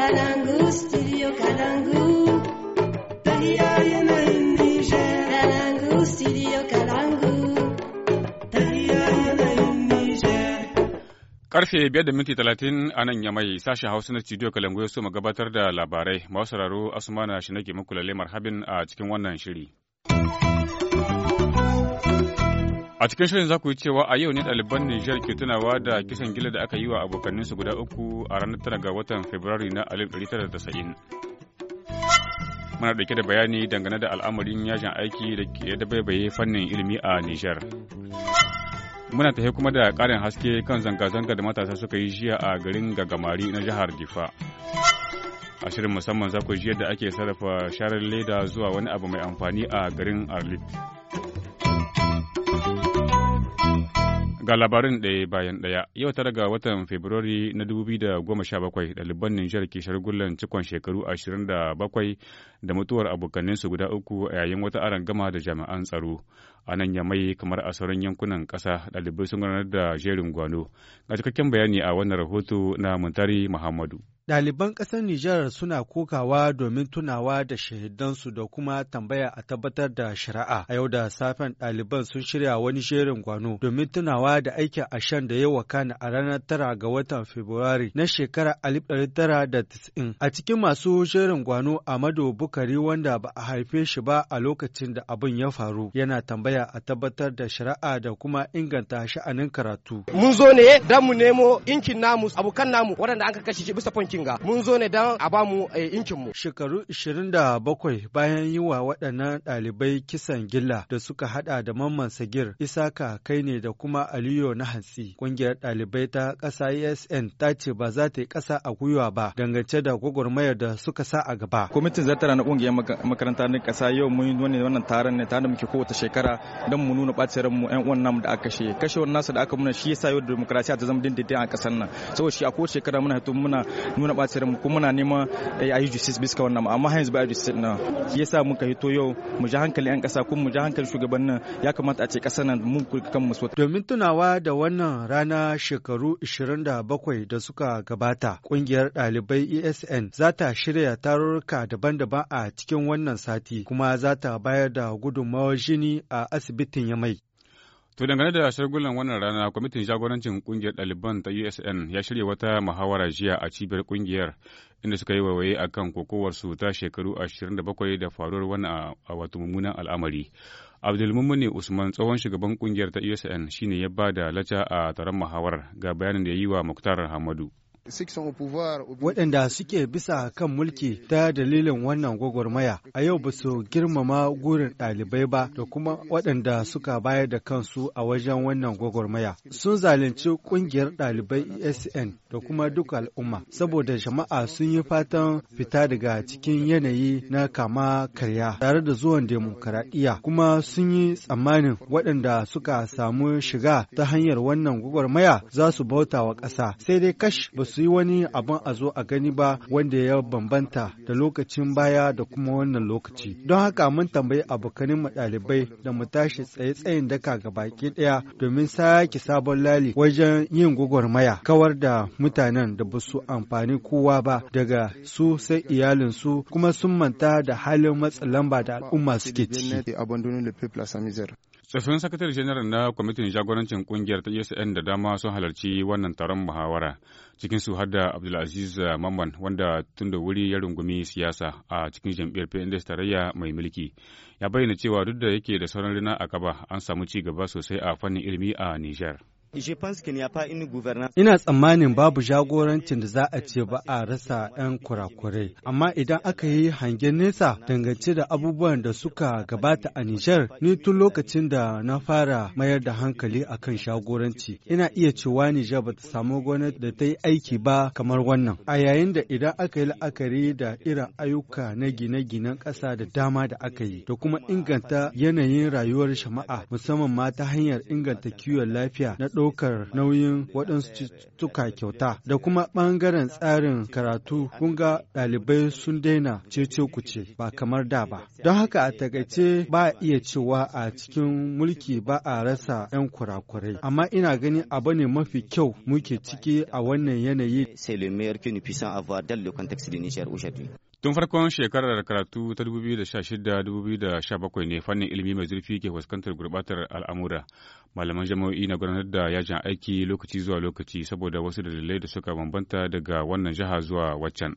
Kalangu, studio Karfe biyar da minti talatin a nan ya mai sashen Hausa na studio Kalangu ya so gabatar da labarai. Masu sauraro Asumana shi nake muku lalle marhabin a cikin wannan shiri. A cikin shirin za ku yi cewa a yau ne ɗaliban Nijar ke tunawa da kisan gila da aka yi wa abokaninsu guda uku a ranar tana ga watan Fabrairu na 1990. Muna ɗauke da bayani dangane da al'amarin yajin aiki da ke da fannin ilimi a Nijar. Muna tafe kuma da ƙarin haske kan zanga-zanga da matasa suka yi jiya a garin Gagamari na jihar Difa. a shirin musamman za ku ji yadda ake sarrafa sharar leda zuwa wani abu mai amfani a garin arlit Ga labarin ɗaya bayan ɗaya, yau tara ga watan Fabrairu na 2017 ɗaliban Nijar ke shargullan cikon shekaru 27 da mutuwar abokaninsu guda uku a yayin wata gama da jami'an tsaro. A nan yamai kamar a sauran yankunan ƙasa ɗalibai sun gudanar da jerin gwano. Ga cikakken bayani a wannan rahoto na Muntari Muhammadu. Ɗaliban ƙasar Nijar suna kokawa domin tunawa da shahidansu da kuma tambaya a tabbatar da shari'a. A yau da safen ɗaliban sun shirya wani jerin gwano domin tunawa da aikin ashen da ya kana a ranar tara ga watan Fabrairu na shekara alif ɗari tara da tis'in. A cikin masu jerin gwano Amadu Bukari wanda ba a haife shi ba a lokacin da abin ya faru yana tambaya a tabbatar da shari'a da kuma inganta sha'anin karatu. Mun zo ne don mu nemo inkin namu abokan namu waɗanda an ka kashe bisa fankin aikin mun zo ne dan a mu eh, inkin mu shekaru 27 bayan yi wa waɗannan ɗalibai kisan gilla da suka hada da mamman sagir isaka kai ne da kuma aliyu na hantsi ƙungiyar ɗalibai ta ƙasa esn ta ce ba za ta yi ƙasa a gwiwa ba dangance da gwagwarmayar da suka sa a gaba kwamitin zartara na ƙungiyar makaranta na ƙasa yau mun yi wannan taron ne tare da muke kowace shekara don mu nuna ɓacin ranmu ‘yan uwan namu da aka kashe kashewar nasu da aka muna shi ya sa yau demokrasiya ta zama dindindin a ƙasar nan saboda shi a kowace shekara muna hito muna nuna ɓacin mu kuma muna neman a yi justice bisa wannan amma har yanzu ba a justice na shi yasa muka hito yau mu ji hankali yan ƙasa kuma mu ji hankali shugabannin ya kamata a ce ƙasar nan mun kan mu domin tunawa da wannan rana shekaru 27 da suka gabata ƙungiyar ɗalibai ESN za ta shirya tarurruka daban-daban a cikin wannan sati kuma za ta bayar da gudunmawar jini a asibitin Yamai To dangane da shagulan wannan rana, kwamitin jagorancin kungiyar ɗaliban ta USN ya shirya wata muhawara jiya a cibiyar kungiyar inda suka yi wawaye kan kokowarsu ta shekaru 27 da faruwar wani a wato mummunan al'amari. Abdulmumuni Usman tsohon shugaban kungiyar ta USN shine ya ba da lacca a taron muhawarar ga bayanin da ya yi wa Muktar Hamadu. waɗanda suke bisa kan mulki ta dalilin wannan gwagwarmaya a yau ba su girmama gurin ɗalibai ba da kuma waɗanda suka bayar da kansu a wajen wannan gwagwarmaya sun zalunci ƙungiyar ɗalibai esn da kuma duka al'umma saboda jama'a sun yi fatan fita daga cikin yanayi na kama karya tare da zuwan demokaradiyya kuma sun yi tsammanin waɗanda suka samu shiga ta hanyar wannan gwagwarmaya za su bauta wa ƙasa sai dai kash ba su yi wani abin a zo a gani ba wanda ya bambanta da lokacin baya da kuma wannan lokaci. Don haka mun tambayi abokanin mu ɗalibai da mu tashi tsaye-tsayin daka ga baki ɗaya domin sake sabon lali wajen yin gwagwarmaya kawar da mutanen da ba su amfani kowa ba daga su sai iyalin su kuma sun manta da halin matsalan lamba da al'umma suke ciki. Tsafin sakatare janar na kwamitin jagorancin kungiyar ta ESN da dama sun halarci wannan taron muhawara cikin su hadda Abdulaziz Mamman wanda tun da wuri ya rungumi siyasa a cikin jam'iyyar PNDS tarayya mai mulki. Ya bayyana cewa duk da yake da sauran rina a kaba an samu ci gaba sosai a fannin ilimi a niger. Ina tsammanin babu jagorancin da za a ce ba a rasa 'yan kurakurai, amma idan aka yi hangen nesa dangance da abubuwan da suka gabata a Nijar, ni tun lokacin da na fara mayar da hankali a kan shagoranci, ina iya cewa Nijar ba ta samu gwamnati da ta yi aiki ba kamar wannan. A yayin da idan aka yi la'akari da irin ayyuka na gine-ginen ƙasa da dama da aka yi, da kuma inganta yanayin rayuwar shama'a musamman ma ta hanyar inganta kiwon lafiya na ɗaukar nauyin waɗansu cututtuka kyauta da kuma ɓangaren tsarin karatu kun ga ɗalibai sun daina cece kuce ba kamar da ba. Don haka a takaice ba a iya cewa a cikin mulki ba a rasa 'yan kurakurai. Amma ina gani abu ne mafi kyau muke ciki a wannan yanayi. Tun farkon shekarar karatu ta 2016-2017 ne fannin ilimi mai zurfi ke fuskantar gurbatar al'amura. Malaman jami'o'i na gudanar da yajin aiki lokaci zuwa lokaci saboda wasu dalilai da suka bambanta daga wannan jiha zuwa waccan.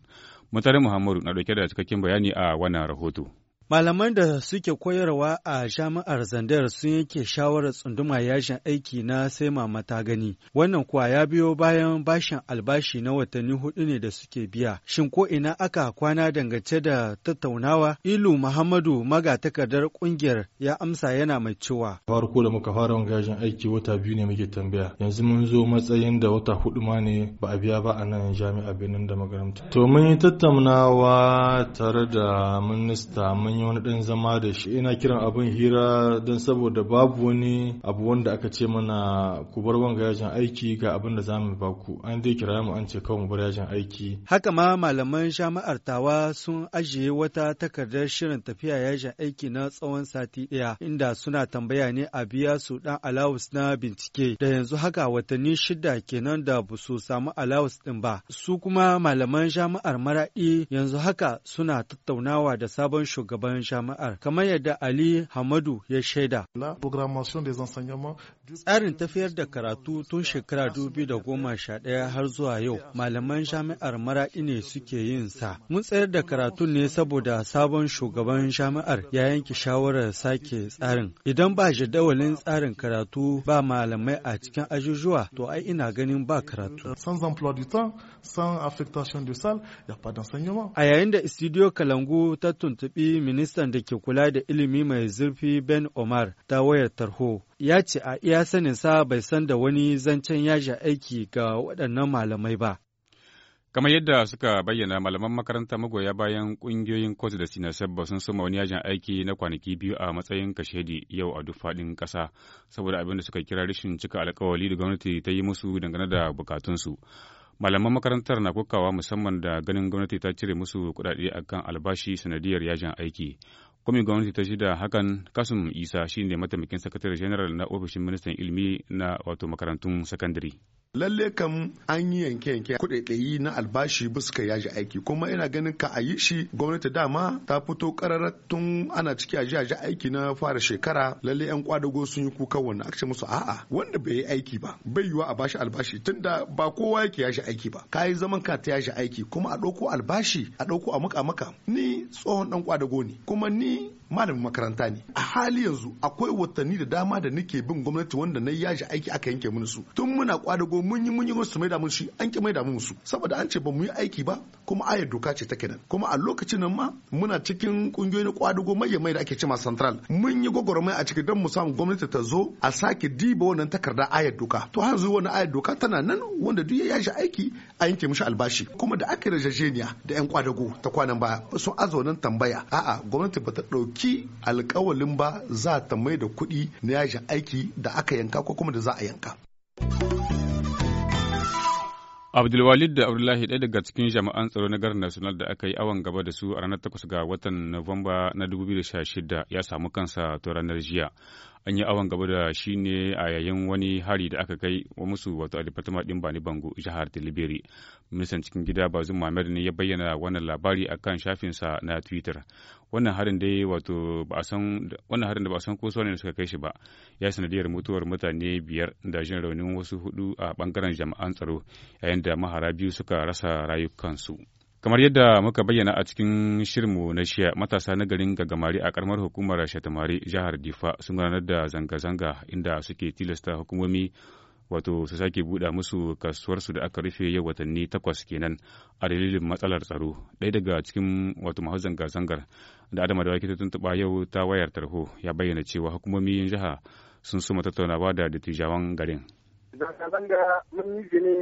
Mutane Muhammadu na ɗauke da cikakken bayani a wannan rahoto. Malaman da suke koyarwa a jami'ar Zandar sun yanke shawarar tsunduma yajin aiki na sai mamata gani. Wannan kuwa ya biyo bayan bashin albashi na watanni hudu ne da suke biya. Shin ko ina aka kwana dangance da tattaunawa? Ilu Muhammadu magatakardar kungiyar ya amsa yana mai cewa. Farko da muka fara wani yajin aiki wata biyu ne muke tambaya. Yanzu mun zo matsayin da wata hudu ma ne ba a biya ba a nan jami'a Benin da makaranta. To mun yi tattaunawa tare da minista mun yi yi wani ɗan zama da shi ina kiran abin hira don saboda babu wani abu wanda aka ce mana ku bar wanga yajin aiki ga abin da za mu ba ku an dai kira mu an ce kawai mu bar yajin aiki. Haka ma malaman jami'ar tawa sun ajiye wata takardar shirin tafiya yajin aiki na tsawon sati ɗaya inda suna tambaya ne a biya su ɗan alawus na bincike da yanzu haka watanni shida kenan da ba su samu alawus ɗin ba. Su kuma malaman jami'ar maraɗi yanzu haka suna tattaunawa da sabon shugaban shugaban jami'ar kamar yadda Ali Hamadu ya shaida. Tsarin tafiyar da karatu tun shekara ɗaya har zuwa yau malaman jami'ar maraɗi ne suke yin sa. Mun tsayar da karatu ne saboda sabon shugaban jami'ar ya yanke shawarar sake tsarin. Idan ba jadawalin tsarin karatu ba malamai a cikin ajujuwa to ai ina ganin ba karatu. A yayin da Studio Kalangu ta tuntuɓi ministan da ke kula da ilimi mai zurfi Ben Omar ta wayar tarho. Ya ce a iya sanin sa bai san da wani zancen yasha aiki ga waɗannan malamai ba. kamar yadda suka bayyana malaman makaranta magoya bayan ƙungiyoyin kotu da ba sun suma wani yajin aiki na kwanaki biyu a matsayin kashedi yau a duk faɗin ƙasa saboda abin da suka kira rashin cika alkawali da gwamnati ta yi musu dangane da bukatunsu malaman makarantar na kokawa musamman da ganin gwamnati ta cire musu kuɗaɗe akan albashi sanadiyar yajin aiki kwami gwamnati ta shida hakan kasum isa shine mataimakin sakatare general na ofishin ministan ilimi na wato makarantun sakandare lalle kam an yi yanke-yanke kuɗaɗayi na albashi suka yaji aiki kuma ina ganin ka a yi shi gwamnati dama ta fito karar tun ana ciki a jaji aiki na fara shekara lalle yan kwadago sun yi kuka wannan aka ce musu a'a wanda bai yi aiki ba bai yiwa a bashi albashi tunda ba kowa yake yaji aiki ba ka yi zaman ka ta yaji aiki kuma a ɗauko albashi a ɗauko a maka maka ni tsohon ɗan kwadago ne kuma ni malamin makaranta ne a hali yanzu akwai watanni da dama da nake bin gwamnati wanda na yaji aiki aka yanke mun su tun muna kwadago mun yi mun yi su maida mun shi an ki maida mun su saboda an ce ba mu yi aiki ba kuma ayar doka ce take nan kuma a lokacin nan ma muna cikin na kwadago mai mai da ake cewa central mun yi gwagwarmaya a cikin don mu samu gwamnati ta zo a sake diba wannan takarda ayar doka to har zuwa wannan ayar doka tana nan wanda duk ya yaji aiki a yanke mishi albashi kuma da aka rajajeniya da yan kwadago ta kwanan baya sun azo nan tambaya a'a gwamnati ba ta dauki ci alkawalin ba za ta mai da kuɗi na yashin aiki da aka yanka ko kuma da za a yanka. Abdulwalid da Abdullahi ɗaya daga cikin jami'an tsaro na garin National da aka yi awon gaba da su a ranar 8 ga watan Nuwamba na 2016 ya samu kansa ta ranar jiya. an yi awon gaba da shi ne a yayin wani hari da aka kai wa musu wato a alifatama din bani bango jihar Deliberi. Ministan cikin gida Bazum Muhammad ne ya bayyana wannan labari a kan shafinsa na Twitter. Wannan harin dai wato ba san wannan harin da ba san ne suka kai shi ba. Ya sanadiyar mutuwar mutane biyar da jin raunin wasu hudu a bangaren jama'an tsaro yayin da mahara biyu suka rasa rayukansu. Kamar yadda muka bayyana a cikin shirinmu na shiya matasa na garin gagamari a karamar hukumar Shatamari jihar Difa sun gudanar da zanga-zanga inda suke tilasta hukumomi wato su sake buɗe musu kasuwarsu da aka rufe yau watanni takwas kenan a dalilin matsalar tsaro ɗaya daga cikin wato masu zanga-zangar da adama da wake ta tuntuɓa yau ta wayar tarho ya bayyana cewa hukumomin jiha sun suma tattaunawa da dattijawan garin. zanga-zanga mun yi shi ne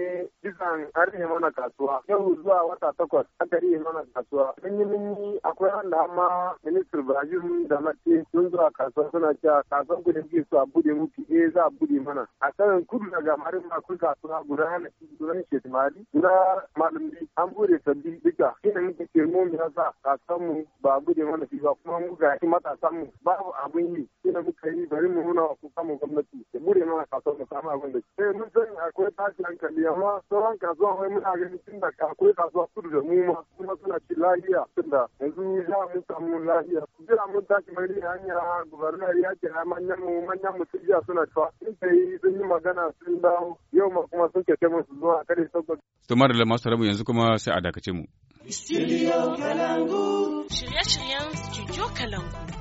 bisan arihe mana kasuwa yau zuwa wata takwas aka rihe mana kasuwa mun yi mun yi akwai wanda amma ministir brazil da mace sun zuwa kasuwa suna cewa kasuwan gudun biyu su a bude muku eh za a bude mana a sanin kudu daga marin makon kasuwa guda na guda shekmari guda malam an bude sabbi duka shi muke ce mu mu yasa kasuwan mu ba a bude mana shi ba kuma mu ga shi matasan mu babu abun yi shi muka yi bari mu nuna wa kuka mu gwamnati ya bude mana kasuwan mu samu abin da eh mun san akwai tashi hankali amma sauran kasuwa wai muna ganin tun da akwai kasuwa kudu da mu ma kuma suna ci lahiya tun da yanzu ya mun samu lahiya jira mun tashi mai hanya gubernar ya kira manyan mu manyan mu tijiya suna cewa sun kai sun yi magana sun dawo yau ma kuma sun kece mun su zuwa kare sabon. Tumar da masu rabu yanzu kuma sai a dakace ah, mu. Studio Kalangu. Shirye-shiryen Studio Kalangu.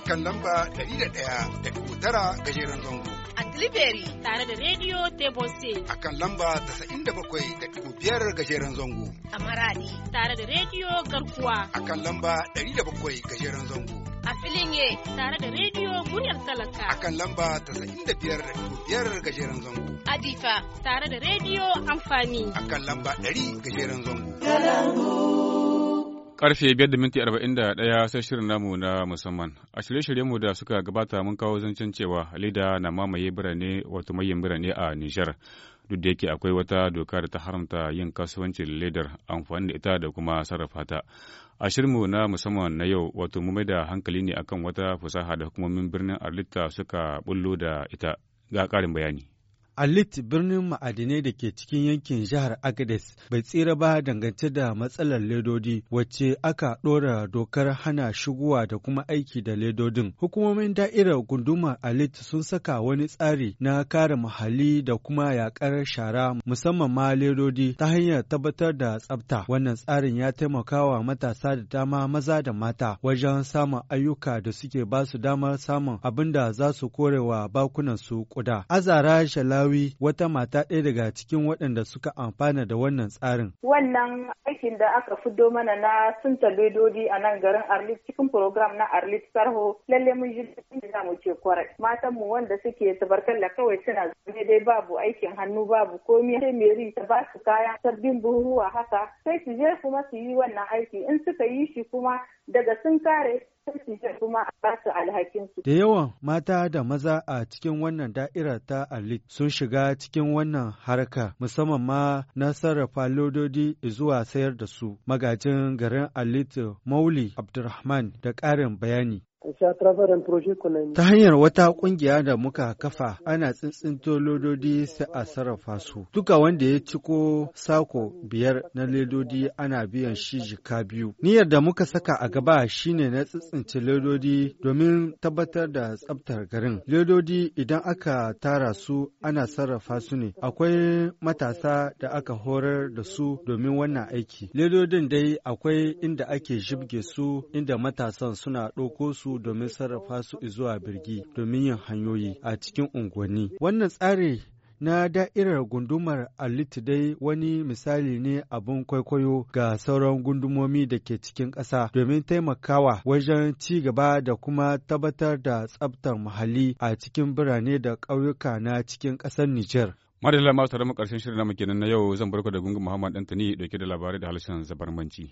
a kan lamba ga gajeren zango. A Tilibiri tare da Radio Tebose. A kan lamba 97.5 gajeren zango. A Maradi tare da Radio Garkuwa. A kan lamba 107 gajeren zango. A Filinge tare da Radio Muryar Talaka. A kan lamba 95.5 gajeren zango. A Difa tare da Radio Amfani. A kan lamba 100 gajeren zango. Galangu. Karfe biyar da minti arba'in da ɗaya sai shirin namu na musamman. A shirye-shiryenmu da suka gabata mun kawo zancen cewa leda na mamaye birane wato mayan birane a Nijar. Duk da yake akwai wata doka da ta haramta yin kasuwancin ledar amfani da ita da kuma sarrafa ta. A mu na musamman na yau wato mu mai da hankali ne akan wata fasaha da hukumomin birnin Arlita suka bullo da ita ga karin bayani. A Alit birnin ma'adinai da ke cikin yankin jihar Agades bai tsira ba dangance da matsalar ledodi wacce aka ɗora dokar hana shigowa da kuma aiki da ledodin. Hukumomin da'irar gundumar Alit sun saka wani tsari na kare muhalli da kuma yakar shara musamman ma ledodi ta hanyar tabbatar da tsafta. Wannan tsarin ya taimaka wa matasa da dama maza da mata wajen samun ayyuka da suke basu su damar samun abin da za su kore wa bakunan su kuda. Azara Shalawi wata mata ɗaya daga cikin waɗanda suka amfana da wannan tsarin. Wannan aikin da aka fido mana na sun talododi a nan garin Arlit cikin program na Arlit Sarho lalle mun ji da za mu ce kwarai. Matan mu wanda suke tabarkalla kawai suna zaune dai babu aikin hannu babu komai sai meri ta ba su kayan sabbin buhuwa haka sai su je kuma su yi wannan aiki in suka yi shi kuma daga sun kare Da yawan mata da maza a cikin wannan da'ira ta Alit sun shiga cikin wannan harka musamman ma na sarrafa lododi zuwa sayar da su. Magajin garin Alit Mauli Abdulrahman da ƙarin bayani. Ta hanyar wata ƙungiya da muka kafa ana tsintsinto lododi sai a sarrafa su. Duka wanda ya ciko sako biyar na ledodi ana biyan shi jika biyu. Niyar da muka saka a gaba shine na tsintsince lododi domin tabbatar da tsabtar garin. Ledodi idan aka tara su ana sarrafa su ne. Akwai matasa da aka horar da su domin wannan aiki. Ledodin dai akwai inda ake su inda matasan suna ɗauko su domin sarrafa su zuwa birgi domin yin hanyoyi a cikin unguwanni. Wannan tsari na da'irar gundumar Alit dai wani misali ne abin kwaikwayo ga sauran gundumomi da ke cikin ƙasa domin taimakawa wajen ci gaba da kuma tabbatar da tsabtar muhalli a cikin birane da ƙauyuka na cikin ƙasar Nijar. Madalla masu tare karshen shirin na makinan na yau zan barka da gungun Muhammad Dantani dauke da labarai da halshen zabarmanci.